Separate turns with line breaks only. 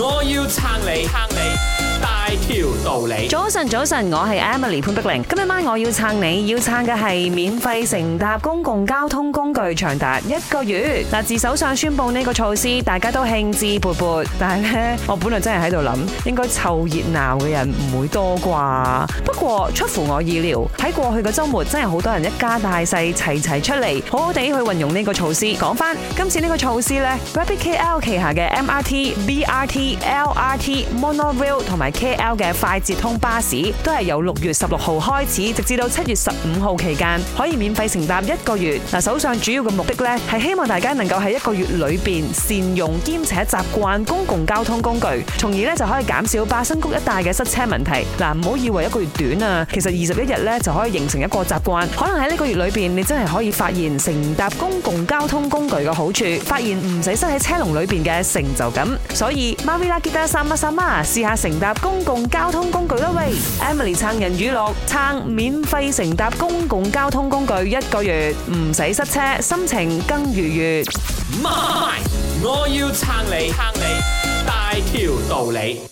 我要撐你撐你大條道理。早晨早晨，我係 Emily 潘碧玲。今日晚我要撐你，要撐嘅係免費乘搭公共交通工具長達一個月。嗱，自首相宣布呢個措施，大家都興致勃勃。但係呢，我本來真係喺度諗，應該湊熱鬧嘅人唔會多啩。不過出乎我意料，喺過去嘅週末真係好多人一家大細齊齊出嚟，好好地去運用呢個措施回。講翻今次呢個措施 Rapid KL 旗下嘅 MRT BRT、LRT、Monorail 同埋 KL 嘅快捷通巴士都係由六月十六號開始，直至到七月十五號期間，可以免費乘搭一個月。嗱，首相主要嘅目的咧，係希望大家能夠喺一個月裏邊善用兼且習慣公共交通工具，從而咧就可以減少巴生谷一帶嘅塞車問題。嗱，唔好以為一個月短啊，其實二十一日咧就可以形成一個習慣。可能喺呢個月裏邊，你真係可以發現乘搭公共交通工具嘅好處，發現唔使塞喺車龍裏邊嘅成就感。所以，維拉吉達薩瑪薩瑪，試下乘搭公共交通工具啦喂！Emily 撐人語錄，撐免費乘搭公共交通工具一個月，唔使塞車，心情更愉悅。媽咪，我要撐你，撐你大條道理。